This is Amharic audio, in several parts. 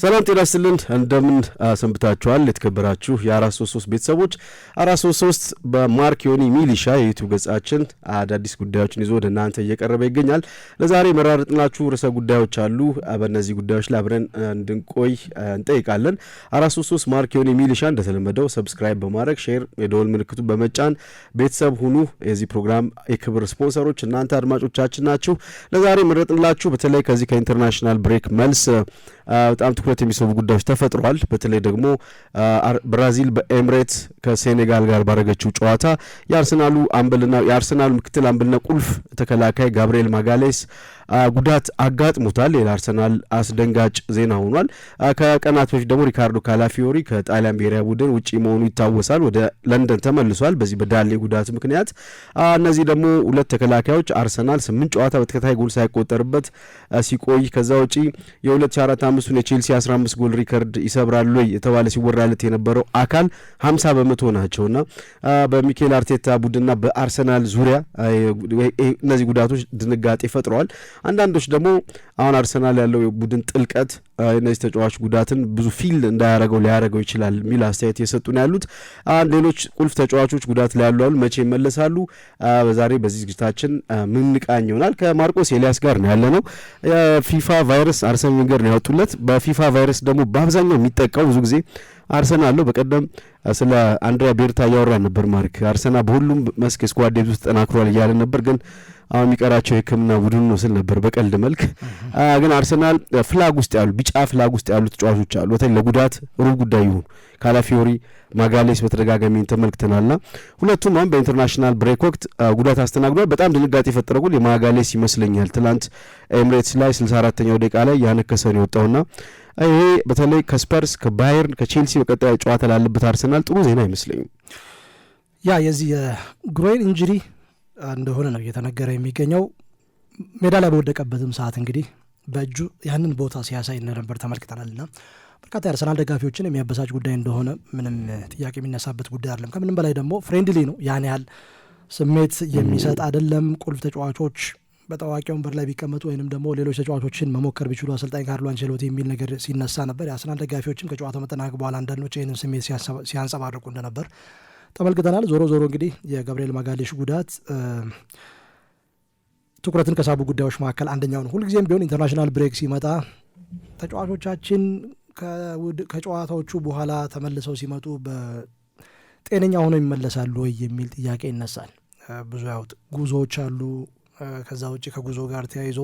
ሰላም ጤና ይስጥልን እንደምን ሰንብታችኋል? የተከበራችሁ የአራት ሶስት ሶስት ቤተሰቦች አራት ሶስት ሶስት በማርክ ዮኒ ሚሊሻ የዩቱብ ገጻችን አዳዲስ ጉዳዮችን ይዞ ወደ እናንተ እየቀረበ ይገኛል። ለዛሬ መራርጥናችሁ ርዕሰ ጉዳዮች አሉ። በእነዚህ ጉዳዮች ላይ አብረን እንድንቆይ እንጠይቃለን። አራት ሶስት ሶስት ማርክ ዮኒ ሚሊሻ እንደተለመደው ሰብስክራይብ በማድረግ ሼር፣ የደወል ምልክቱ በመጫን ቤተሰብ ሁኑ። የዚህ ፕሮግራም የክብር ስፖንሰሮች እናንተ አድማጮቻችን ናችሁ። ለዛሬ መረጥንላችሁ በተለይ ከዚህ ከኢንተርናሽናል ብሬክ መልስ በጣም ትኩረት የሚስቡ ጉዳዮች ተፈጥረዋል። በተለይ ደግሞ ብራዚል በኤምሬት ከሴኔጋል ጋር ባረገችው ጨዋታ የአርሰናሉ አምበልና የአርሰናሉ ምክትል አምበልና ቁልፍ ተከላካይ ጋብርኤል ማጋሌስ ጉዳት አጋጥሞታል። አርሰናል አስደንጋጭ ዜና ሆኗል። ከቀናት በፊት ደግሞ ሪካርዶ ካላፊዮሪ ከጣሊያን ብሔራዊ ቡድን ውጭ መሆኑ ይታወሳል። ወደ ለንደን ተመልሷል በዚህ በዳሌ ጉዳት ምክንያት። እነዚህ ደግሞ ሁለት ተከላካዮች አርሰናል ስምንት ጨዋታ በተከታይ ጎል ሳይቆጠርበት ሲቆይ ከዛ ውጪ የ 2045 የቼልሲ 15 ጎል ሪከርድ ይሰብራሉ የተባለ ሲወራለት የነበረው አካል 50 በመቶ ናቸውና በሚኬል አርቴታ ቡድንና በአርሰናል ዙሪያ እነዚህ ጉዳቶች ድንጋጤ ፈጥረዋል። አንዳንዶች ደግሞ አሁን አርሰናል ያለው የቡድን ጥልቀት የነዚህ ተጫዋች ጉዳትን ብዙ ፊል እንዳያረገው ሊያደረገው ይችላል የሚል አስተያየት የሰጡ ነው ያሉት። ሌሎች ቁልፍ ተጫዋቾች ጉዳት ላይ ያሉ መቼ ይመለሳሉ? በዛሬ በዚህ ዝግጅታችን ምንቃኝ ይሆናል። ከማርቆስ ኤልያስ ጋር ነው ያለ ነው። የፊፋ ቫይረስ አርሰን ቬንገር ነው ያወጡለት። በፊፋ ቫይረስ ደግሞ በአብዛኛው የሚጠቃው ብዙ ጊዜ አርሰናል አለው። በቀደም ስለ አንድሪያ ቤርታ እያወራ ነበር። ማርክ አርሰናል በሁሉም መስክ ስኳድ ውስጥ ተጠናክሯል እያለ ነበር ግን አሁን የሚቀራቸው የህክምና ቡድን ነው ስል ነበር በቀልድ መልክ። ግን አርሰናል ፍላግ ውስጥ ያሉ ቢጫ ፍላግ ውስጥ ያሉ ተጫዋቾች አሉ። በተለይ ለጉዳት ሩብ ጉዳይ ይሁን ካላፊዮሪ፣ ማጋሌስ በተደጋጋሚ ተመልክተናልና ሁለቱም አሁን በኢንተርናሽናል ብሬክ ወቅት ጉዳት አስተናግዷል። በጣም ድንጋጤ የፈጠረ ጎል የማጋሌስ ይመስለኛል። ትላንት ኤምሬትስ ላይ 64ኛው ደቂቃ ላይ ያነከሰውን የወጣውና ይሄ በተለይ ከስፐርስ ከባየርን ከቼልሲ በቀጣይ ጨዋታ ላለበት አርሰናል ጥሩ ዜና አይመስለኝም። ያ የዚህ የግሮይን ኢንጅሪ እንደሆነ ነው እየተነገረ የሚገኘው። ሜዳ ላይ በወደቀበትም ሰዓት እንግዲህ በእጁ ያንን ቦታ ሲያሳይ እንደነበር ና በርካታ የአርሰናል ደጋፊዎችን የሚያበሳጭ ጉዳይ እንደሆነ ምንም ጥያቄ የሚነሳበት ጉዳይ አይደለም። ከምንም በላይ ደግሞ ፍሬንድሊ ነው፣ ያን ያህል ስሜት የሚሰጥ አይደለም። ቁልፍ ተጫዋቾች በታዋቂ ወንበር ላይ ቢቀመጡ ወይንም ደግሞ ሌሎች ተጫዋቾችን መሞከር ቢችሉ አሰልጣኝ ካርሎ አንቸሎቲ የሚል ነገር ሲነሳ ነበር። የአርሰናል ደጋፊዎችም ከጨዋታው መጠናቀቅ በኋላ አንዳንዶች ይህንን ስሜት ሲያንጸባርቁ እንደነበር ተመልክተናል። ዞሮ ዞሮ እንግዲህ የገብርኤል ማጋሌሽ ጉዳት ትኩረትን ከሳቡ ጉዳዮች መካከል አንደኛው ነው። ሁልጊዜም ቢሆን ኢንተርናሽናል ብሬክ ሲመጣ ተጫዋቾቻችን ከጨዋታዎቹ በኋላ ተመልሰው ሲመጡ በጤነኛ ሆነው ይመለሳሉ ወይ የሚል ጥያቄ ይነሳል። ብዙ ያውጥ ጉዞዎች አሉ። ከዛ ውጭ ከጉዞ ጋር ተያይዞ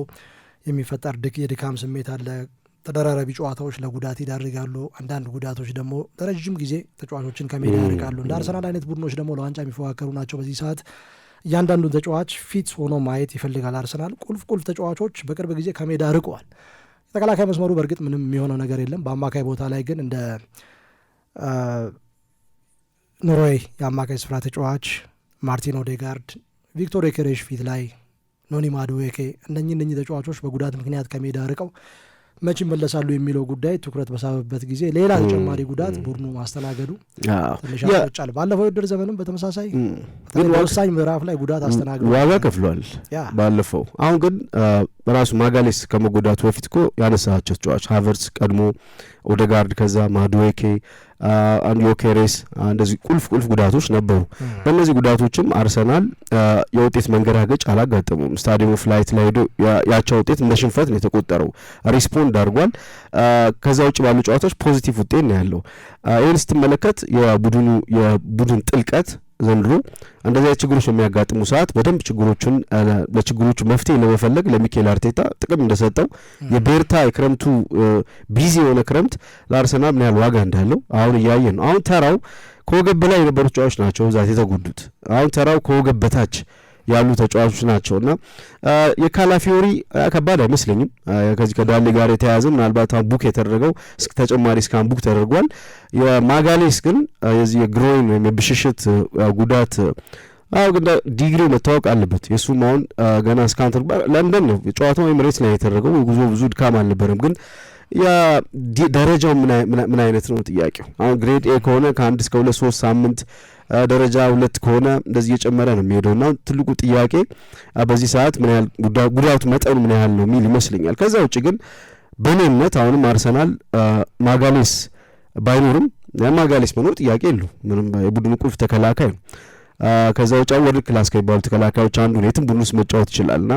የሚፈጠር የድካም ስሜት አለ። ተደራራቢ ጨዋታዎች ለጉዳት ይዳርጋሉ። አንዳንድ ጉዳቶች ደግሞ ለረዥም ጊዜ ተጫዋቾችን ከሜዳ ያርቃሉ። እንደ አርሰናል አይነት ቡድኖች ደግሞ ለዋንጫ የሚፎካከሩ ናቸው። በዚህ ሰዓት እያንዳንዱን ተጫዋች ፊት ሆኖ ማየት ይፈልጋል። አርሰናል ቁልፍ ቁልፍ ተጫዋቾች በቅርብ ጊዜ ከሜዳ ርቀዋል። የተከላካይ መስመሩ በእርግጥ ምንም የሚሆነው ነገር የለም። በአማካይ ቦታ ላይ ግን እንደ ኑሮይ የአማካይ ስፍራ ተጫዋች ማርቲን ኦዴጋርድ፣ ቪክቶር ኬሬሽ ፊት ላይ ኖኒ ማዱዌኬ እነኚህ እነኚህ ተጫዋቾች በጉዳት ምክንያት ከሜዳ ርቀው መች ይመለሳሉ የሚለው ጉዳይ ትኩረት በሳበበት ጊዜ ሌላ ተጨማሪ ጉዳት ቡድኑ ማስተናገዱ ትንሽ ባለፈው የውድድር ዘመንም በተመሳሳይ ወሳኝ ምዕራፍ ላይ ጉዳት አስተናግዱ ዋጋ ከፍሏል ባለፈው። አሁን ግን ራሱ ማጋሌስ ከመጎዳቱ በፊት እኮ ያነሳቸው ተጫዋች ሀቨርትስ ቀድሞ ኦደጋርድ፣ ከዛ ማድዌኬ ዮኬሬስ እንደዚህ ቁልፍ ቁልፍ ጉዳቶች ነበሩ። በእነዚህ ጉዳቶችም አርሰናል የውጤት መንገዳገጭ አላጋጠሙም። ስታዲየም ኦፍ ላይት ላይ ሄዶ ያቻ ውጤት እንደ ሽንፈት ነው የተቆጠረው። ሪስፖንድ አድርጓል። ከዛ ውጭ ባሉ ጨዋታዎች ፖዚቲቭ ውጤት ነው ያለው። ይህን ስትመለከት የቡድኑ የቡድን ጥልቀት ዘንድሮ እንደዚህ አይነት ችግሮች የሚያጋጥሙ ሰዓት በደንብ ችግሮቹን ለችግሮቹ መፍትሄ ለመፈለግ ለሚካኤል አርቴታ ጥቅም እንደሰጠው የቤርታ የክረምቱ ቢዚ የሆነ ክረምት ለአርሰናል ምን ያህል ዋጋ እንዳለው አሁን እያየ ነው። አሁን ተራው ከወገብ በላይ የነበሩ ተጫዋቾች ናቸው ብዛት የተጎዱት። አሁን ተራው ከወገብ በታች ያሉ ተጫዋቾች ናቸው እና የካላፊዮሪ ከባድ አይመስለኝም። ከዚህ ከዳሌ ጋር የተያያዘ ምናልባት ቡክ የተደረገው ተጨማሪ እስከ ቡክ ተደርጓል። የማጋሌስ ግን የዚህ የግሮይን ወይም የብሽሽት ጉዳት አሁ ግን ዲግሪው መታወቅ አለበት። የእሱም አሁን ገና እስካንተር ለንደን ነው ጨዋታው ኤምሬትስ ላይ የተደረገው ጉዞ ብዙ ድካም አልነበረም ግን ደረጃው ምን አይነት ነው ጥያቄው። አሁን ግሬድ ኤ ከሆነ ከአንድ እስከ ሁለት ሶስት ሳምንት ደረጃ ሁለት ከሆነ እንደዚህ እየጨመረ ነው የሚሄደው እና ትልቁ ጥያቄ በዚህ ሰዓት ምን ያህል ጉዳቱ መጠኑ ምን ያህል ነው የሚል ይመስለኛል። ከዛ ውጭ ግን በእኔ እምነት አሁንም አርሰናል ማጋሌስ ባይኖርም ማጋሌስ መኖር ጥያቄ የለው ምንም የቡድኑ ቁልፍ ተከላካይ ነው። ከዛ ውጭ ወርልድ ክላስ ከሚባሉ ተከላካዮች አንዱ ነው። የትም ቡድን ውስጥ መጫወት ይችላልና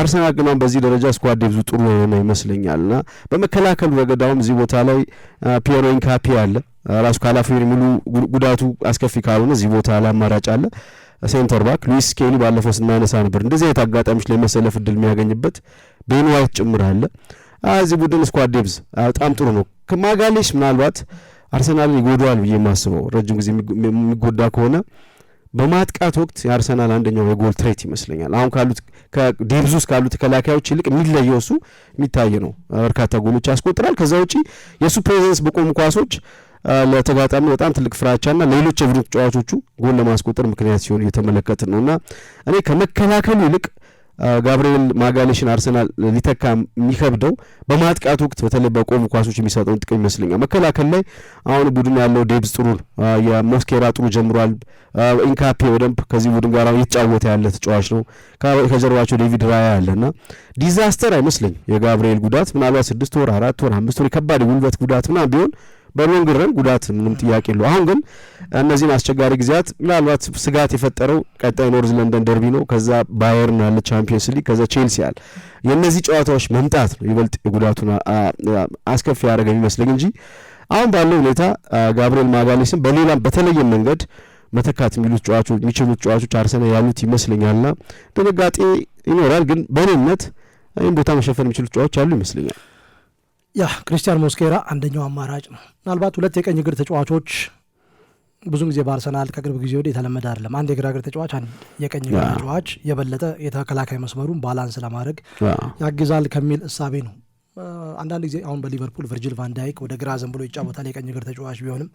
አርሰናል ግን በዚህ ደረጃ ስኳድ ዴብዙ ጥሩ የሆነ ይመስለኛል እና በመከላከሉ ረገድ አሁን እዚህ ቦታ ላይ ፒየሮ ኢንካፒ አለ። ራሱ ካላፊዮሪ ሙሉ ጉዳቱ አስከፊ ካልሆነ እዚህ ቦታ ላይ አማራጭ አለ። ሴንተር ባክ ሉዊስ ኬኒ ባለፈው ስናነሳ ነበር፣ እንደዚህ አይነት አጋጣሚዎች ላይ መሰለፍ እድል የሚያገኝበት ቤን ዋይት ጭምር አለ። እዚህ ቡድን ስኳድ ዴብዝ በጣም ጥሩ ነው። ከማጋሌሽ ምናልባት አርሰናልን ይጎዳዋል ብዬ የማስበው ረጅም ጊዜ የሚጎዳ ከሆነ በማጥቃት ወቅት የአርሰናል አንደኛው የጎል ትሬት ይመስለኛል። አሁን ካሉት ከዴብዝ ውስጥ ካሉ ተከላካዮች ይልቅ የሚለየው እሱ የሚታይ ነው። በርካታ ጎሎች ያስቆጥራል። ከዛ ውጪ የእሱ ፕሬዘንስ በቆሙ ኳሶች ለተጋጣሚ በጣም ትልቅ ፍራቻና ሌሎች የቡድን ተጫዋቾቹ ጎል ለማስቆጠር ምክንያት ሲሆን እየተመለከትን ነው እና እኔ ከመከላከሉ ይልቅ ጋብሪኤል ማጋሌሽን አርሰናል ሊተካ የሚከብደው በማጥቃት ወቅት በተለይ በቆሙ ኳሶች የሚሰጠውን ጥቅም ይመስለኛል። መከላከል ላይ አሁን ቡድን ያለው ዴብስ ጥሩ የሞስኬራ ጥሩ ጀምሯል። ኢንካፔ በደንብ ከዚህ ቡድን ጋር እየተጫወተ ያለ ተጫዋች ነው። ከጀርባቸው ዴቪድ ራያ ያለና ዲዛስተር አይመስለኝም የጋብሪኤል ጉዳት ምናልባት ስድስት ወር አራት ወር አምስት ወር የከባድ ጉልበት ጉዳት ምናምን ቢሆን በሎንግ ጉዳት ምንም ጥያቄ የለው። አሁን ግን እነዚህን አስቸጋሪ ጊዜያት ምናልባት ስጋት የፈጠረው ቀጣይ ኖርዝ ለንደን ደርቢ ነው፣ ከዛ ባየርን ያለ ቻምፒየንስ ሊግ፣ ከዛ ቼልሲ ያለ የእነዚህ ጨዋታዎች መምጣት ነው ይበልጥ የጉዳቱን አስከፊ ያደረገ የሚመስለኝ እንጂ አሁን ባለው ሁኔታ ጋብሪኤል ማጋሌስን በሌላም በተለየ መንገድ መተካት የሚሉት ጨዋቾች የሚችሉት ጨዋቾች አርሰናል ያሉት ይመስለኛልና ድንጋጤ ይኖራል። ግን በእኔነት ይህም ቦታ መሸፈን የሚችሉት ጨዋቾች ያሉ ይመስለኛል። ያ ክሪስቲያን ሞስኬራ አንደኛው አማራጭ ነው። ምናልባት ሁለት የቀኝ እግር ተጫዋቾች ብዙ ጊዜ በአርሰናል ከቅርብ ጊዜ ወደ የተለመደ አይደለም። አንድ የግራ እግር ተጫዋች፣ አንድ የቀኝ እግር ተጫዋች የበለጠ የተከላካይ መስመሩን ባላንስ ለማድረግ ያግዛል ከሚል እሳቤ ነው። አንዳንድ ጊዜ አሁን በሊቨርፑል ቨርጅል ቫንዳይክ ወደ ግራ ዘን ብሎ ይጫወታል የቀኝ እግር ተጫዋች ቢሆንም፣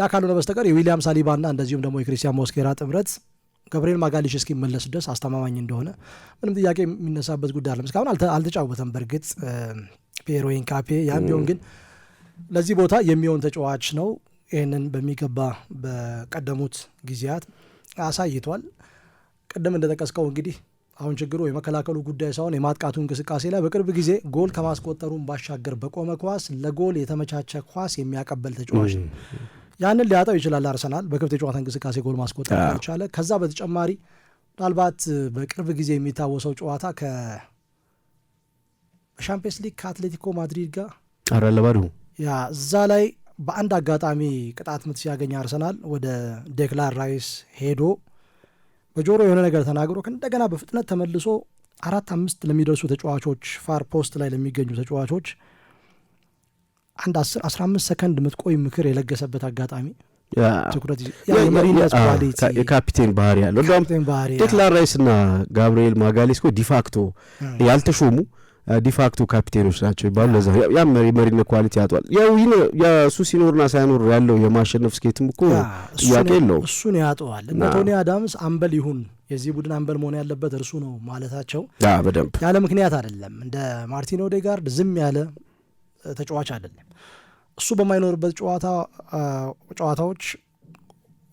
ያ ካልሆነ በስተቀር የዊሊያም ሳሊባና እንደዚሁም ደግሞ የክሪስቲያን ሞስኬራ ጥምረት ገብርኤል ማጋሊሽ እስኪመለስ ድረስ አስተማማኝ እንደሆነ ምንም ጥያቄ የሚነሳበት ጉዳይ አለም። እስካሁን አልተጫወተም በእርግጥ ፔሮ ኢንካፔ ያም ቢሆን ግን ለዚህ ቦታ የሚሆን ተጫዋች ነው። ይህንን በሚገባ በቀደሙት ጊዜያት አሳይቷል። ቅድም እንደጠቀስከው እንግዲህ አሁን ችግሩ የመከላከሉ ጉዳይ ሳይሆን የማጥቃቱ እንቅስቃሴ ላይ በቅርብ ጊዜ ጎል ከማስቆጠሩን ባሻገር በቆመ ኳስ ለጎል የተመቻቸ ኳስ የሚያቀበል ተጫዋች ነው። ያንን ሊያጠው ይችላል አርሰናል በክፍት የጨዋታ እንቅስቃሴ ጎል ማስቆጠር ካልቻለ። ከዛ በተጨማሪ ምናልባት በቅርብ ጊዜ የሚታወሰው ጨዋታ ከ ሻምፒየንስ ሊግ ከአትሌቲኮ ማድሪድ ጋር አረ ያ እዛ ላይ በአንድ አጋጣሚ ቅጣት ምት ሲያገኝ አርሰናል ወደ ዴክላን ራይስ ሄዶ በጆሮ የሆነ ነገር ተናግሮ እንደገና በፍጥነት ተመልሶ አራት አምስት ለሚደርሱ ተጫዋቾች ፋር ፖስት ላይ ለሚገኙ ተጫዋቾች አንድ አስር አስራ አምስት ሰከንድ ምትቆይ ምክር የለገሰበት አጋጣሚ ትኩረት የካፒቴን ባህሪ ያለው ዴክላን ራይስ እና ጋብርኤል ማጋሌስኮ ዲፋክቶ ያልተሾሙ ዲፋክቶ ካፒቴኖች ናቸው ይባሉ። ለዛ ያም መሪነት ኳሊቲ ያጧል። ያው የእሱ ሲኖርና ሳይኖር ያለው የማሸነፍ ስኬትም እኮ ጥያቄ የለውም። እሱን ያጠዋል። እነ ቶኒ አዳምስ አምበል ይሁን የዚህ ቡድን አምበል መሆን ያለበት እርሱ ነው ማለታቸው በደንብ ያለ ምክንያት አይደለም። እንደ ማርቲን ኦዴጋርድ ዝም ያለ ተጫዋች አይደለም። እሱ በማይኖርበት ጨዋታ ጨዋታዎች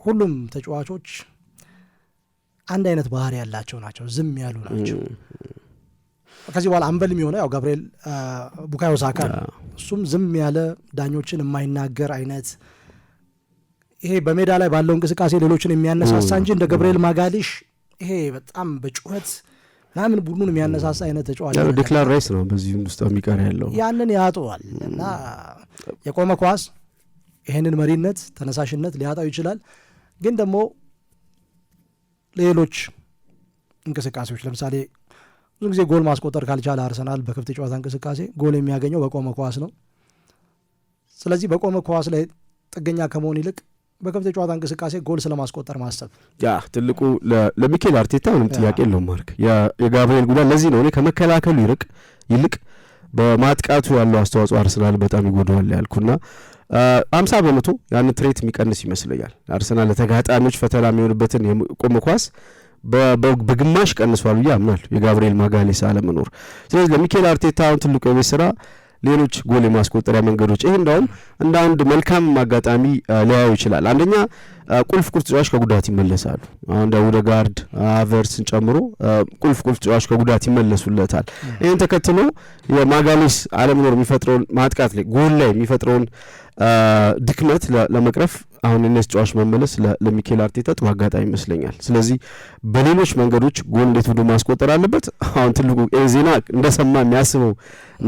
ሁሉም ተጫዋቾች አንድ አይነት ባህሪ ያላቸው ናቸው፣ ዝም ያሉ ናቸው። ከዚህ በኋላ አንበል የሚሆነው ያው ገብርኤል ቡካዮ ሳካ እሱም ዝም ያለ ዳኞችን የማይናገር አይነት ይሄ በሜዳ ላይ ባለው እንቅስቃሴ ሌሎችን የሚያነሳሳ እንጂ እንደ ገብርኤል ማጋሊሽ ይሄ በጣም በጩኸት ምናምን ቡድኑን የሚያነሳሳ አይነት ተጫዋች ዲክላን ራይስ ነው በዚህ ውስጥ የሚቀር ያለው ያንን ያጠዋል እና የቆመ ኳስ ይህንን መሪነት ተነሳሽነት ሊያጣው ይችላል። ግን ደግሞ ሌሎች እንቅስቃሴዎች ለምሳሌ ብዙ ጊዜ ጎል ማስቆጠር ካልቻለ አርሰናል በክፍት ጨዋታ እንቅስቃሴ ጎል የሚያገኘው በቆመ ኳስ ነው። ስለዚህ በቆመ ኳስ ላይ ጥገኛ ከመሆን ይልቅ በክፍት ጨዋታ እንቅስቃሴ ጎል ስለማስቆጠር ማሰብ ያ ትልቁ ለሚኬል አርቴታ ምንም ጥያቄ የለውም። ማርክ የጋብርኤል ጉዳት ለዚህ ነው እኔ ከመከላከሉ ይርቅ ይልቅ በማጥቃቱ ያለው አስተዋጽኦ አርሰናል በጣም ይጎደዋል ያልኩና አምሳ በመቶ ያን ትሬት የሚቀንስ ይመስለኛል። አርሰናል ለተጋጣሚዎች ፈተና የሚሆንበትን የቆመ ኳስ በግማሽ ቀንሷል ብዬ አምናለሁ የጋብርኤል ማጋሌስ አለመኖር። ስለዚህ ለሚኬል አርቴታ አሁን ትልቁ የቤት ስራ ሌሎች ጎል የማስቆጠሪያ መንገዶች ይህ እንዳውም እንደ አንድ መልካም አጋጣሚ ሊያዩ ይችላል። አንደኛ ቁልፍ ቁልፍ ተጫዋች ከጉዳት ይመለሳሉ። አሁን እንደ ውደጋርድ አቨርስን ጨምሮ ቁልፍ ቁልፍ ተጫዋች ከጉዳት ይመለሱለታል። ይህን ተከትሎ የማጋሌስ አለመኖር የሚፈጥረውን ማጥቃት ላይ ጎል ላይ የሚፈጥረውን ድክመት ለመቅረፍ አሁን እነዚህ ተጫዋች መመለስ ለሚኬል አርቴታ ጥሩ አጋጣሚ ይመስለኛል። ስለዚህ በሌሎች መንገዶች ጎል እንዴት ብሎ ማስቆጠር አለበት። አሁን ትልቁ ዜና እንደሰማ የሚያስበው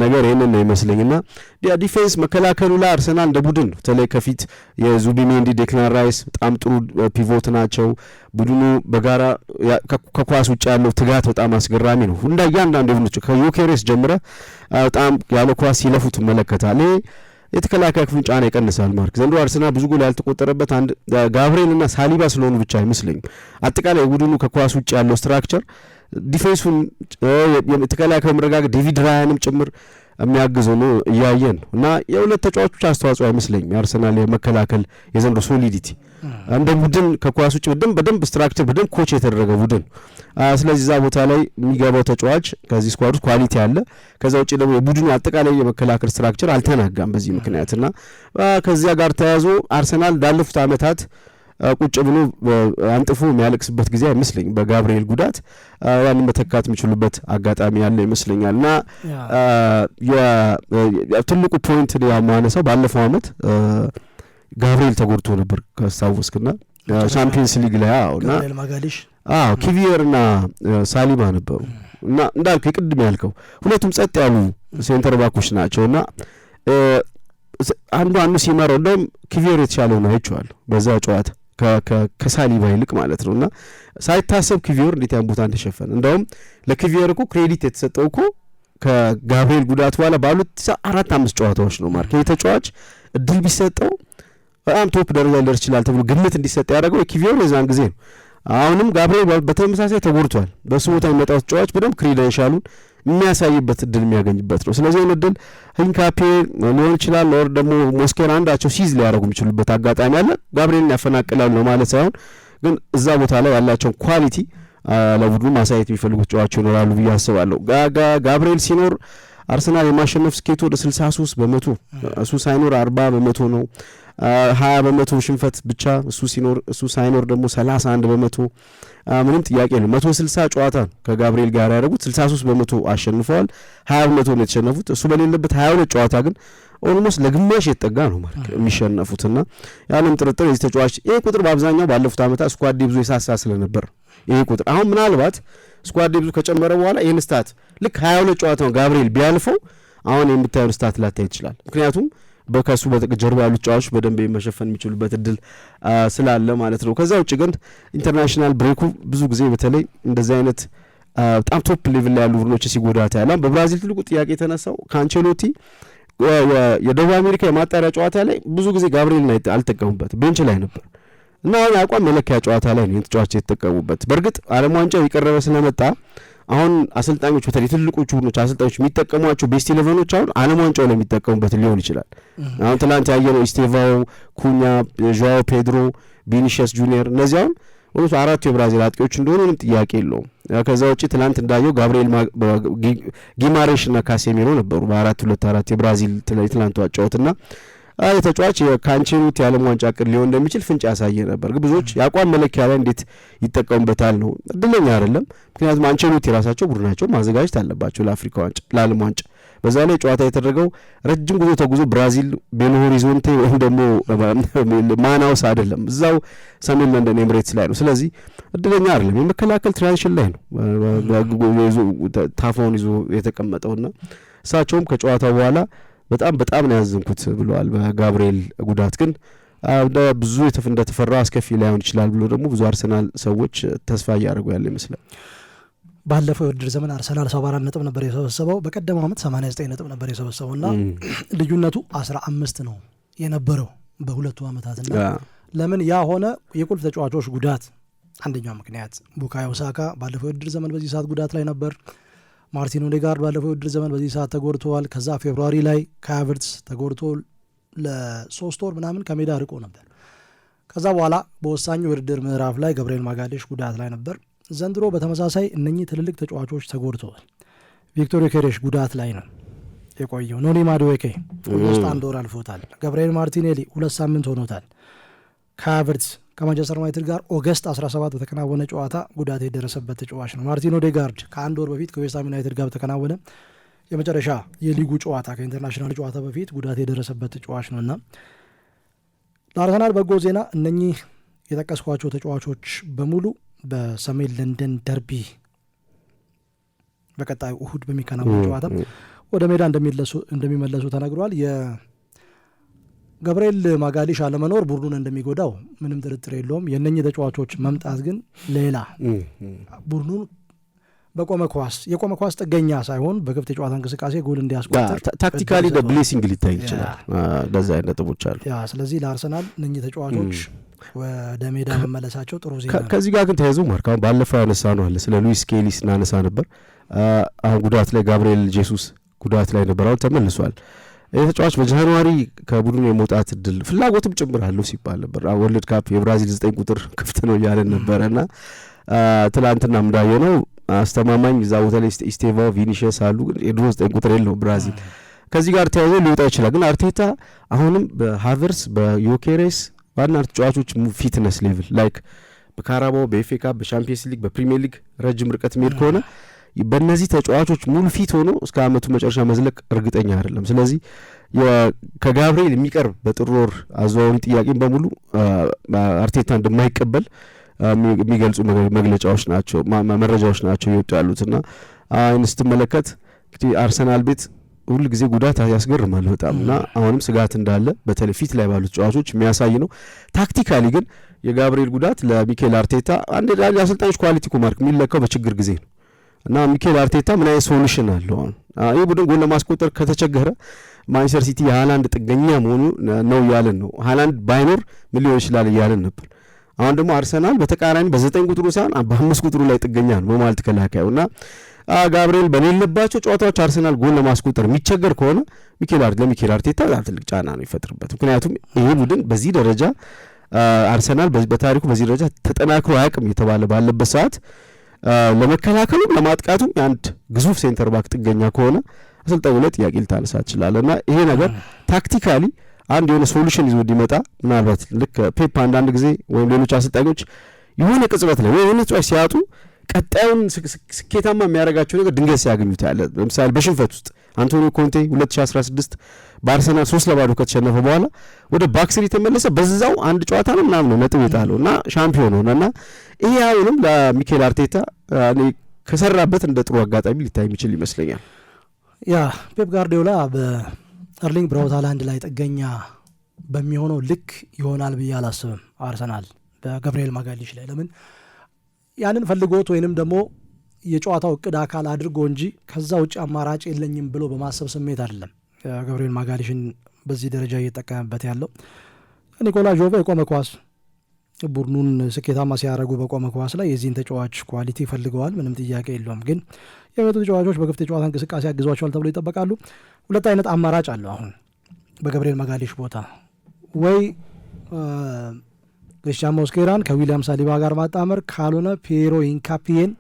ነገር ይህንን ነው ይመስለኝ ይመስለኝና ዲፌንስ መከላከሉ ላይ አርሰናል እንደ ቡድን በተለይ ከፊት የዙቢሜንዲ ዴክላን ራይስ በጣም ጥሩ ፒቮት ናቸው። ቡድኑ በጋራ ከኳስ ውጭ ያለው ትጋት በጣም አስገራሚ ነው። እንደ እያንዳንዱ ቡድኖች ከዩኬሬስ ጀምረ በጣም ያለ ኳስ ሲለፉ ትመለከታል። የተከላካይ ክፍሉን ጫና ይቀንሳል። ማርክ ዘንድሮ አርሰናል ብዙ ጎል ያልተቆጠረበት አንድ ጋብርኤል እና ሳሊባ ስለሆኑ ብቻ አይመስለኝም። አጠቃላይ ቡድኑ ከኳስ ውጭ ያለው ስትራክቸር ዲፌንሱን የተከላካዩ መረጋገጥ ዴቪድ ራያንም ጭምር የሚያግዙ ነው እያየን እና የሁለት ተጫዋቾች አስተዋጽኦ አይመስለኝም። የአርሰናል የመከላከል የዘንድሮ ሶሊዲቲ እንደ ቡድን ከኳስ ውጭ ቡድን በደንብ ስትራክቸር በደንብ ኮች የተደረገ ቡድን። ስለዚህ እዛ ቦታ ላይ የሚገባው ተጫዋች ከዚህ ስኳድ ውስጥ ኳሊቲ አለ። ከዛ ውጭ ደግሞ የቡድኑ አጠቃላይ የመከላከል ስትራክቸር አልተናጋም በዚህ ምክንያት እና ከዚያ ጋር ተያዞ አርሰናል ላለፉት አመታት። ቁጭ ብሎ አንጥፎ የሚያለቅስበት ጊዜ አይመስለኝ። በጋብርኤል ጉዳት ያንን መተካት የሚችሉበት አጋጣሚ ያለ ይመስለኛል እና ትልቁ ፖይንት ማነሳው ባለፈው ዓመት ጋብርኤል ተጎድቶ ነበር ካስታወስክና ሻምፒየንስ ሊግ ላይ እና ኪቪየር እና ሳሊባ ነበሩ እና እንዳልከው የቅድም ያልከው ሁለቱም ጸጥ ያሉ ሴንተር ባኮች ናቸው እና አንዱ አንዱ ሲመራው እንደውም ኪቪየር የተሻለ ሆነ አይቼዋለሁ በዛ ጨዋታ ከሳሊባ ይልቅ ማለት ነው። እና ሳይታሰብ ክቪዮር እንዴት ያን ቦታ እንደሸፈነ እንደውም ለክቪዮር እኮ ክሬዲት የተሰጠው እኮ ከጋብሪኤል ጉዳት በኋላ ባሉት አራት አምስት ጨዋታዎች ነው ማርክ የተጫዋች እድል ቢሰጠው በጣም ቶፕ ደረጃ ሊደርስ ይችላል ተብሎ ግምት እንዲሰጠ ያደረገው የኪቪዮር የዛን ጊዜ ነው። አሁንም ጋብሬል በተመሳሳይ ተጎድቷል። በሱ ቦታ የሚመጣው ተጫዋች በደንብ ክሬደንሻሉን የሚያሳይበት እድል የሚያገኝበት ነው። ስለዚህ ይህን እድል ሂንካፔ ሊሆን ይችላል ወር ደግሞ ሞስኬን አንዳቸው ሲዝ ሊያደረጉ የሚችሉበት አጋጣሚ አለ። ጋብሪኤልን ያፈናቅላሉ ነው ማለት ሳይሆን ግን እዛ ቦታ ላይ ያላቸውን ኳሊቲ ለቡድኑ ማሳየት የሚፈልጉ ተጫዋቾች ይኖራሉ ብዬ አስባለሁ። ጋብሪኤል ሲኖር አርሰናል የማሸነፍ ስኬቱ ወደ 63 በመቶ እሱ ሳይኖር 40 በመቶ ነው። 20 በመቶ ሽንፈት ብቻ እሱ ሲኖር እሱ ሳይኖር ደግሞ 31 በመቶ ምንም ጥያቄ ነው። 160 ጨዋታ ከጋብሪኤል ጋር ያደረጉት 63 በመቶ አሸንፈዋል። 20 በመቶ ነው የተሸነፉት። እሱ በሌለበት 22 ጨዋታ ግን ኦልሞስት ለግማሽ የጠጋ ነው ማለት የሚሸነፉትና ያለም ጥርጥር የዚህ ተጫዋች ይሄ ቁጥር በአብዛኛው ባለፉት ዓመታት ስኳዴ ብዙ የሳሳ ስለነበር ይሄ ቁጥር አሁን ምናልባት ስኳድ ዴብዙ ከጨመረ በኋላ ይህን ስታት ልክ ሀያ ሁለት ጨዋታውን ጋብርኤል ቢያልፈው አሁን የምታየውን ስታት ላታይ ይችላል። ምክንያቱም በከሱ ጀርባ ያሉት ጨዋቾች በደንብ መሸፈን የሚችሉበት እድል ስላለ ማለት ነው። ከዛ ውጭ ግን ኢንተርናሽናል ብሬኩ ብዙ ጊዜ በተለይ እንደዚህ አይነት በጣም ቶፕ ሌቭል ላይ ያሉ ቡድኖች ሲጎዳ ያለ በብራዚል ትልቁ ጥያቄ የተነሳው ከአንቸሎቲ የደቡብ አሜሪካ የማጣሪያ ጨዋታ ላይ ብዙ ጊዜ ጋብርኤልን አልጠቀሙበት ቤንች ላይ ነበር። እና አቋም መለኪያ ጨዋታ ላይ ነው ተጫዋች የተጠቀሙበት። በእርግጥ ዓለም ዋንጫው የቀረበ ስለመጣ አሁን አሰልጣኞች በተለይ ትልቆቹ ቡድኖች አሰልጣኞች የሚጠቀሟቸው ቤስት ኢሌቨኖች አሁን ዓለም ዋንጫው ላይ የሚጠቀሙበት ሊሆን ይችላል። አሁን ትናንት ያየነው ኢስቴቫው፣ ኩኛ፣ ዣዋ ፔድሮ፣ ቪኒሽስ ጁኒየር እነዚህ አሁን እውነቱ አራቱ የብራዚል አጥቂዎች እንደሆኑ ምንም ጥያቄ የለውም። ከዛ ውጭ ትላንት እንዳየው ጋብርኤል ጊማሬሽ እና ካሴሜሮ ነበሩ በአራት ሁለት አራት የብራዚል ትናንቱ አጫወትና የተጫዋች ከአንቼሎቲ የዓለም ዋንጫ ቅድ ሊሆን እንደሚችል ፍንጭ ያሳየ ነበር። ብዙዎች የአቋም መለኪያ ላይ እንዴት ይጠቀሙበታል ነው። እድለኛ አይደለም፣ ምክንያቱም አንቸሎቲ የራሳቸው ቡድናቸው ማዘጋጀት አለባቸው ለአፍሪካ ዋንጫ፣ ለዓለም ዋንጫ። በዛ ላይ ጨዋታ የተደረገው ረጅም ጉዞ ተጉዞ ብራዚል ቤሎ ሆሪዞንቴ ወይም ደግሞ ማናውስ አይደለም፣ እዛው ሰሜን ለንደን ኤምሬትስ ላይ ነው። ስለዚህ እድለኛ አይደለም። የመከላከል ትራንሽን ላይ ነው ታፋውን ይዞ የተቀመጠውና እሳቸውም ከጨዋታው በኋላ በጣም በጣም ነው ያዘንኩት ብለዋል። በጋብርኤል ጉዳት ግን ብዙ እንደተፈራ አስከፊ ላይሆን ይችላል ብሎ ደግሞ ብዙ አርሰናል ሰዎች ተስፋ እያደረጉ ያለ ይመስላል። ባለፈው የውድድር ዘመን አርሰናል 74 ነጥብ ነበር የሰበሰበው፣ በቀደመው ዓመት 89 ነጥብ ነበር የሰበሰበው እና ልዩነቱ 15 ነው የነበረው በሁለቱ ዓመታትና ለምን ያ ሆነ? የቁልፍ ተጫዋቾች ጉዳት አንደኛው ምክንያት። ቡካዮ ሳካ ባለፈው የውድድር ዘመን በዚህ ሰዓት ጉዳት ላይ ነበር። ማርቲን ኦዴጋርድ ባለፈው ውድድር ዘመን በዚህ ሰዓት ተጎድተዋል። ከዛ ፌብሩዋሪ ላይ ከያቨርትስ ተጎድቶ ለሶስት ወር ምናምን ከሜዳ ርቆ ነበር። ከዛ በኋላ በወሳኙ ውድድር ምዕራፍ ላይ ገብርኤል ማጋሌሽ ጉዳት ላይ ነበር። ዘንድሮ በተመሳሳይ እነኚህ ትልልቅ ተጫዋቾች ተጎድተዋል። ቪክቶር ዮኬሬሽ ጉዳት ላይ ነው የቆየው። ኖኒ ማድዌኬ ውስጥ አንድ ወር አልፎታል። ገብርኤል ማርቲኔሊ ሁለት ሳምንት ሆኖታል። ከያቨርትስ ከማንቸስተር ዩናይትድ ጋር ኦገስት 17 በተከናወነ ጨዋታ ጉዳት የደረሰበት ተጫዋች ነው። ማርቲን ኦዴጋርድ ከአንድ ወር በፊት ከዌስትሃም ዩናይትድ ጋር በተከናወነ የመጨረሻ የሊጉ ጨዋታ ከኢንተርናሽናል ጨዋታ በፊት ጉዳት የደረሰበት ተጫዋች ነው እና ለአርሰናል በጎ ዜና እነኚህ የጠቀስኳቸው ተጫዋቾች በሙሉ በሰሜን ለንደን ደርቢ በቀጣዩ እሁድ በሚከናወን ጨዋታ ወደ ሜዳ እንደሚመለሱ ተነግሯል። ገብርኤል ማጋሊሽ አለመኖር ቡድኑን እንደሚጎዳው ምንም ጥርጥር የለውም። የእነኚህ ተጫዋቾች መምጣት ግን ሌላ ቡድኑን በቆመ ኳስ የቆመ ኳስ ጥገኛ ሳይሆን በክፍት የጨዋታ እንቅስቃሴ ጎል እንዲያስቆጥር ታክቲካሊ ብሌሲንግ ሊታይ ይችላል። እንደዚ አይነት ነጥቦች አሉ። ስለዚህ ለአርሰናል እነኚህ ተጫዋቾች ወደ ሜዳ መመለሳቸው ጥሩ ዜና። ከዚህ ጋር ግን ተያይዞ ማርክ አሁን ባለፈው ያነሳ ነው አለ ስለ ሉዊስ ኬሊ ስናነሳ ነበር። አሁን ጉዳት ላይ ጋብርኤል ጄሱስ ጉዳት ላይ ነበር፣ አሁን ተመልሷል። ተጫዋች በጃንዋሪ ከቡድኑ የመውጣት እድል ፍላጎትም ጭምር አለው ሲባል ነበር። ወርልድ ካፕ የብራዚል ዘጠኝ ቁጥር ክፍት ነው እያለን ነበረ እና ትላንትና ምዳየ ነው አስተማማኝ እዛ ቦታ ላይ ኢስቴቫ፣ ቪኒሽስ አሉ። የድሮ ዘጠኝ ቁጥር የለው ብራዚል። ከዚህ ጋር ተያይዞ ሊወጣ ይችላል። ግን አርቴታ አሁንም በሃቨርስ በዮኬሬስ ዋና ተጫዋቾች ፊትነስ ሌቭል ላይክ በካራባው በኤፌ ካፕ በሻምፒየንስ ሊግ በፕሪሚየር ሊግ ረጅም ርቀት የሚሄድ ከሆነ በእነዚህ ተጫዋቾች ሙሉ ፊት ሆኖ እስከ ዓመቱ መጨረሻ መዝለቅ እርግጠኛ አይደለም። ስለዚህ ከጋብርኤል የሚቀርብ በጥር ወር አዘዋዋሪ ጥያቄ በሙሉ አርቴታ እንደማይቀበል የሚገልጹ መግለጫዎች ናቸው፣ መረጃዎች ናቸው ይወጡ ያሉት እና አይን ስትመለከት እንግዲህ አርሰናል ቤት ሁል ጊዜ ጉዳት ያስገርማል በጣም እና አሁንም ስጋት እንዳለ በተለይ ፊት ላይ ባሉት ተጫዋቾች የሚያሳይ ነው። ታክቲካሊ ግን የጋብርኤል ጉዳት ለሚካኤል አርቴታ አንድ የአሰልጣኞች ኳሊቲ እኮ የሚለካው በችግር ጊዜ ነው። እና ሚኬል አርቴታ ምን አይነት ሶሉሽን አለው? ይህ ቡድን ጎል ለማስቆጠር ከተቸገረ ማንቸስተር ሲቲ የሃላንድ ጥገኛ መሆኑ ነው እያለን ነው። ሃላንድ ባይኖር ምን ሊሆን ይችላል እያለን ነበር። አሁን ደግሞ አርሰናል በተቃራኒ በዘጠኝ ቁጥሩ ሳይሆን በአምስት ቁጥሩ ላይ ጥገኛ ነው በማለት ተከላካዩ እና ጋብርኤል በሌለባቸው ጨዋታዎች አርሰናል ጎል ለማስቆጠር የሚቸገር ከሆነ ለሚኬል አርቴታ ትልቅ ጫና ነው ይፈጥርበት። ምክንያቱም ይህ ቡድን በዚህ ደረጃ አርሰናል በታሪኩ በዚህ ደረጃ ተጠናክሮ አያውቅም የተባለ ባለበት ሰዓት ለመከላከሉም ለማጥቃቱም የአንድ ግዙፍ ሴንተር ባክ ጥገኛ ከሆነ አሰልጣኙ ላይ ጥያቄ ልታነሳ ትችላለህ እና ይሄ ነገር ታክቲካሊ አንድ የሆነ ሶሉሽን ይዞ እንዲመጣ ምናልባት ልክ ፔፕ አንዳንድ ጊዜ ወይም ሌሎች አሰልጣኞች የሆነ ቅጽበት ላይ ወይም የሆነ ተጫዋች ሲያጡ ቀጣዩን ስኬታማ የሚያደርጋቸው ነገር ድንገት ሲያገኙት ያለ ለምሳሌ በሽንፈት ውስጥ አንቶኒዮ ኮንቴ 2016 በአርሰናል ሶስት ለባዶ ከተሸነፈ በኋላ ወደ ባክስሪ የተመለሰ በዛው አንድ ጨዋታ ነው ምናምን ነጥብ የጣለው እና ሻምፒዮን ሆነ እና ይሄ አሁንም ለሚካኤል አርቴታ ከሰራበት እንደ ጥሩ አጋጣሚ ሊታይ የሚችል ይመስለኛል። ያ ፔፕ ጋርዲዮላ በእርሊንግ ብራውት ሃላንድ ላይ ጥገኛ በሚሆነው ልክ ይሆናል ብዬ አላስብም። አርሰናል በገብርኤል ማጋሊሽ ላይ ለምን ያንን ፈልጎት ወይንም ደግሞ የጨዋታው እቅድ አካል አድርጎ እንጂ ከዛ ውጭ አማራጭ የለኝም ብሎ በማሰብ ስሜት አይደለም ገብርኤል ማጋሊሽን በዚህ ደረጃ እየጠቀመበት ያለው። ኒኮላ ጆቫ የቆመ ኳስ ቡድኑን ስኬታማ ሲያደርጉ በቆመ ኳስ ላይ የዚህን ተጫዋች ኳሊቲ ይፈልገዋል፣ ምንም ጥያቄ የለውም። ግን የመጡ ተጫዋቾች በክፍት የጨዋታ እንቅስቃሴ ያግዟቸዋል ተብሎ ይጠበቃሉ። ሁለት አይነት አማራጭ አለው አሁን በገብርኤል ማጋሊሽ ቦታ ወይ ክርስቲያን ሞስኬራን ከዊሊያም ሳሊባ ጋር ማጣመር ካልሆነ ፒየሮ ኢንካፒየን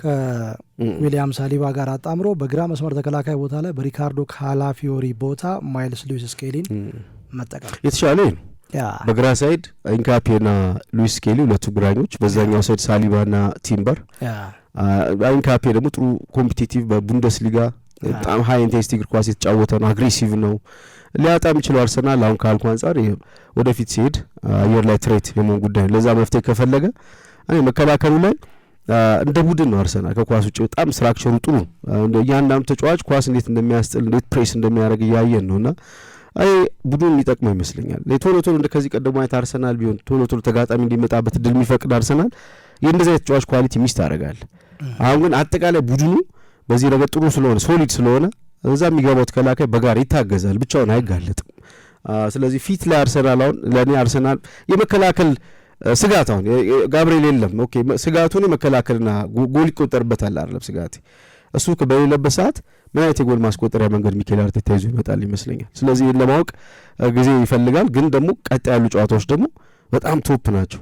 ከዊሊያም ሳሊባ ጋር አጣምሮ በግራ መስመር ተከላካይ ቦታ ላይ በሪካርዶ ካላፊዮሪ ቦታ ማይልስ ሉዊስ ስኬሊን መጠቀም የተሻለ ነው። በግራ ሳይድ አይንካፔና ሉዊስ ስኬሊ ሁለቱ ግራኞች፣ በዛኛው ሳይድ ሳሊባና ቲምበር። ኢንካፔ ደግሞ ጥሩ ኮምፒቲቲቭ በቡንደስሊጋ በጣም ሀይ ኢንቴንሲቲ እግር ኳስ የተጫወተ ነው። አግሬሲቭ ነው። ሊያጣ የሚችለው አርሰናል አሁን ካልኩ አንጻር ወደፊት ሲሄድ አየር ላይ ትሬት የመሆን ጉዳይ ለዛ መፍትሄ ከፈለገ እኔ መከላከሉ ላይ እንደ ቡድን ነው አርሰናል ከኳስ ውጭ በጣም ስትራክቸሩ ጥሩ እያንዳንዱ ተጫዋች ኳስ እንዴት እንደሚያስጥል እንዴት ፕሬስ እንደሚያደርግ እያየን ነው እና አይ ቡድን ይጠቅመው ይመስለኛል። ቶሎ ቶሎ እንደ ከዚህ ቀደሙ አይነት አርሰናል ቢሆን ቶሎ ቶሎ ተጋጣሚ እንዲመጣበት ድል የሚፈቅድ አርሰናል የእንደዚህ ተጫዋች ኳሊቲ ሚስት ታደርጋል። አሁን ግን አጠቃላይ ቡድኑ በዚህ ረገድ ጥሩ ስለሆነ ሶሊድ ስለሆነ እዛ የሚገባው ተከላካይ በጋር ይታገዛል፣ ብቻውን አይጋለጥም። ስለዚህ ፊት ላይ አርሰናል አሁን ለእኔ አርሰናል የመከላከል ስጋት አሁን ጋብርኤል የለም። ኦኬ ስጋቱን መከላከልና ጎል ይቆጠርበታል አይደለም ስጋት እሱ በሌለበት ሰዓት ምን አይነት የጎል ማስቆጠሪያ መንገድ ሚኬል አርቴታ ይዞ ይመጣል ይመስለኛል። ስለዚህ ይህን ለማወቅ ጊዜ ይፈልጋል። ግን ደግሞ ቀጥ ያሉ ጨዋታዎች ደግሞ በጣም ቶፕ ናቸው።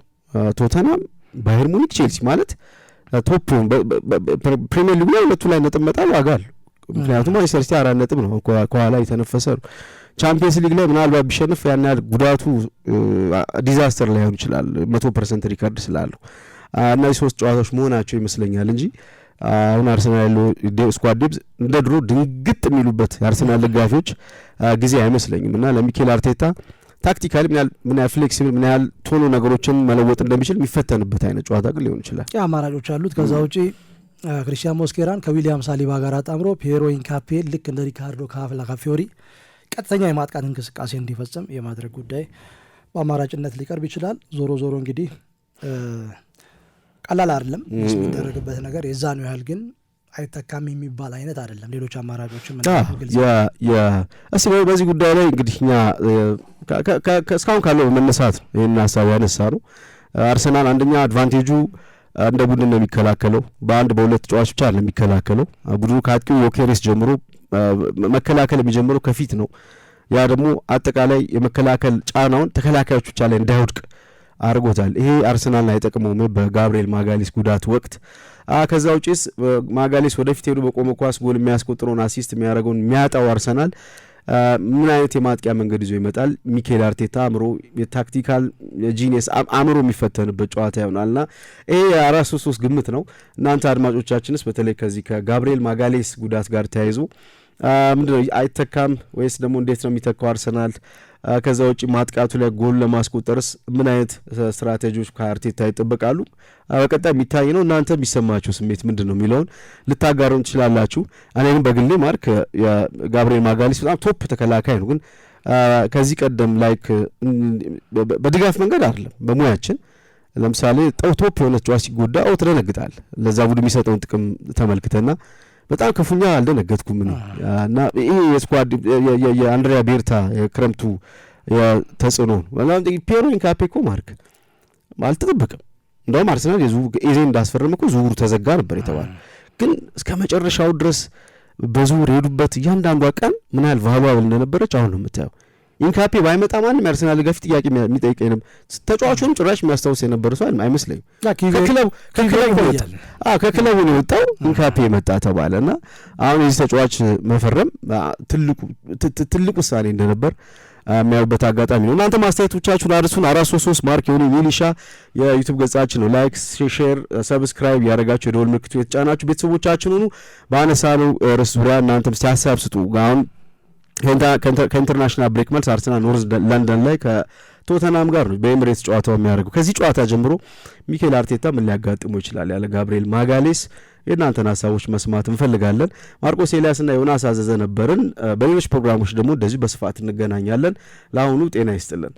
ቶተናም፣ ባየር ሙኒክ፣ ቼልሲ ማለት ቶፕ ፕሪሚየር ሊጉ ላይ ሁለቱ ላይ ነጥብ መጣል ዋጋ አለው። ምክንያቱም ማንቸስተር ሲቲ አራት ነጥብ ነው ከኋላ የተነፈሰ ነው። ቻምፒየንስ ሊግ ላይ ምናልባት ቢሸንፍ ያን ያህል ጉዳቱ ዲዛስተር ላይሆን ይችላል፣ መቶ ፐርሰንት ሪከርድ ስላለው እነዚህ ሶስት ጨዋታዎች መሆናቸው ይመስለኛል እንጂ አሁን አርሰናል ያለው ስኳድ ዲብዝ እንደ ድሮ ድንግጥ የሚሉበት የአርሰናል ደጋፊዎች ጊዜ አይመስለኝም እና ለሚኬል አርቴታ ታክቲካሊ ምን ያህል ፍሌክሲብል ምን ያህል ቶሎ ነገሮችን መለወጥ እንደሚችል የሚፈተንበት አይነት ጨዋታ ግን ሊሆን ይችላል። አማራጮች አሉት። ከዛ ውጪ ክሪስቲያን ሞስኬራን ከዊሊያም ሳሊባ ጋር አጣምሮ ፔሮ ኢንካፔን ልክ እንደ ሪካርዶ ካፍላካፊዮሪ ቀጥተኛ የማጥቃት እንቅስቃሴ እንዲፈጽም የማድረግ ጉዳይ በአማራጭነት ሊቀርብ ይችላል። ዞሮ ዞሮ እንግዲህ ቀላል አይደለም የሚደረግበት ነገር የዛ ነው ያህል ግን አይተካም የሚባል አይነት አይደለም። ሌሎች አማራጮችም እስ በዚህ ጉዳይ ላይ እንግዲህ እኛ እስካሁን ካለው መነሳት ይህን ሀሳብ ያነሳ ነው። አርሰናል አንደኛ አድቫንቴጁ እንደ ቡድን ነው የሚከላከለው። በአንድ በሁለት ተጫዋች ብቻ ነው የሚከላከለው ቡድኑ ከአጥቂው ዮኬሬስ ጀምሮ መከላከል የሚጀምረው ከፊት ነው። ያ ደግሞ አጠቃላይ የመከላከል ጫናውን ተከላካዮች ብቻ ላይ እንዳይወድቅ አድርጎታል። ይሄ አርሰናልን አይጠቅመውም በጋብርኤል ማጋሊስ ጉዳት ወቅት። ከዛ ውጪስ ማጋሊስ ወደፊት ሄዱ በቆመ ኳስ ጎል የሚያስቆጥረውን አሲስት የሚያደርገውን የሚያጣው አርሰናል ምን አይነት የማጥቂያ መንገድ ይዞ ይመጣል? ሚኬል አርቴታ አእምሮ የታክቲካል ጂኒየስ አእምሮ የሚፈተንበት ጨዋታ ይሆናልና ይሄ የአራት ሶስት ሶስት ግምት ነው። እናንተ አድማጮቻችንስ በተለይ ከዚህ ከጋብርኤል ማጋሌስ ጉዳት ጋር ተያይዞ ምንድ ነው አይተካም ወይስ ደግሞ እንዴት ነው የሚተካው አርሰናል? ከዛ ውጭ ማጥቃቱ ላይ ጎል ለማስቆጠርስ ምን አይነት ስትራቴጂዎች ከአርቴታ ይጠበቃሉ? በቀጣይ የሚታይ ነው። እናንተ የሚሰማችሁ ስሜት ምንድን ነው የሚለውን ልታጋሩን ትችላላችሁ። ግን በግሌ ማርክ ጋብሪኤል ማጋሊስ በጣም ቶፕ ተከላካይ ነው፣ ግን ከዚህ ቀደም ላይክ በድጋፍ መንገድ አይደለም በሙያችን ለምሳሌ ቶፕ የሆነ ጨዋ ሲጎዳ ኦ ትደነግጣል። ለዛ ቡድን የሚሰጠውን ጥቅም ተመልክተና በጣም ክፉኛ አልደነገጥኩም እና ይሄ የስኳድ የአንድሪያ ቤርታ የክረምቱ ተጽዕኖ በጣም ፔሮ ኢንካፔ እኮ ማርክ አልተጠበቅም። እንደውም አርሰናል ኤዜ እንዳስፈረመ እኮ ዝውውሩ ተዘጋ ነበር የተባለ ግን እስከ መጨረሻው ድረስ በዝውውር የሄዱበት እያንዳንዷ ቀን ምን ያህል ቫሉዋብል እንደነበረች አሁን ነው የምታየው። ኢንካፔ ባይመጣ ማንም የአርሰናል ገፊ ጥያቄ የሚጠይቅ ነው። ተጫዋቹንም ጭራሽ የሚያስታውስ የነበረ ሰው አይመስለኝም። ከክለቡ ነው የወጣው ኢንካፔ የመጣ ተባለ እና አሁን የዚህ ተጫዋች መፈረም ትልቅ ውሳኔ እንደነበር የሚያዩበት አጋጣሚ ነው። እናንተ ማስተያየቶቻችሁን አርሱን አራት ሶስት ሶስት ማርክ የሆኑ ዊሊሻ የዩቱብ ገጻችን ነው። ላይክ፣ ሼር፣ ሰብስክራይብ ያደረጋችሁ የደወል ምልክቱ የተጫናችሁ ቤተሰቦቻችን ሆኑ። በአነሳ ነው ርዕስ ዙሪያ እናንተም ሲያሳብ ስጡ አሁን ከኢንተርናሽናል ብሬክ መልስ አርሰናል ኖርዝ ለንደን ላይ ከቶተናም ጋር ነው በኤምሬትስ ጨዋታው የሚያደርገው። ከዚህ ጨዋታ ጀምሮ ሚኬል አርቴታ ምን ሊያጋጥሙ ይችላል ያለ ጋብርኤል ማጋሌስ የእናንተን ሀሳቦች መስማት እንፈልጋለን። ማርቆስ ኤልያስና ዮናስ አዘዘ ነበርን። በሌሎች ፕሮግራሞች ደግሞ እንደዚሁ በስፋት እንገናኛለን። ለአሁኑ ጤና ይስጥልን።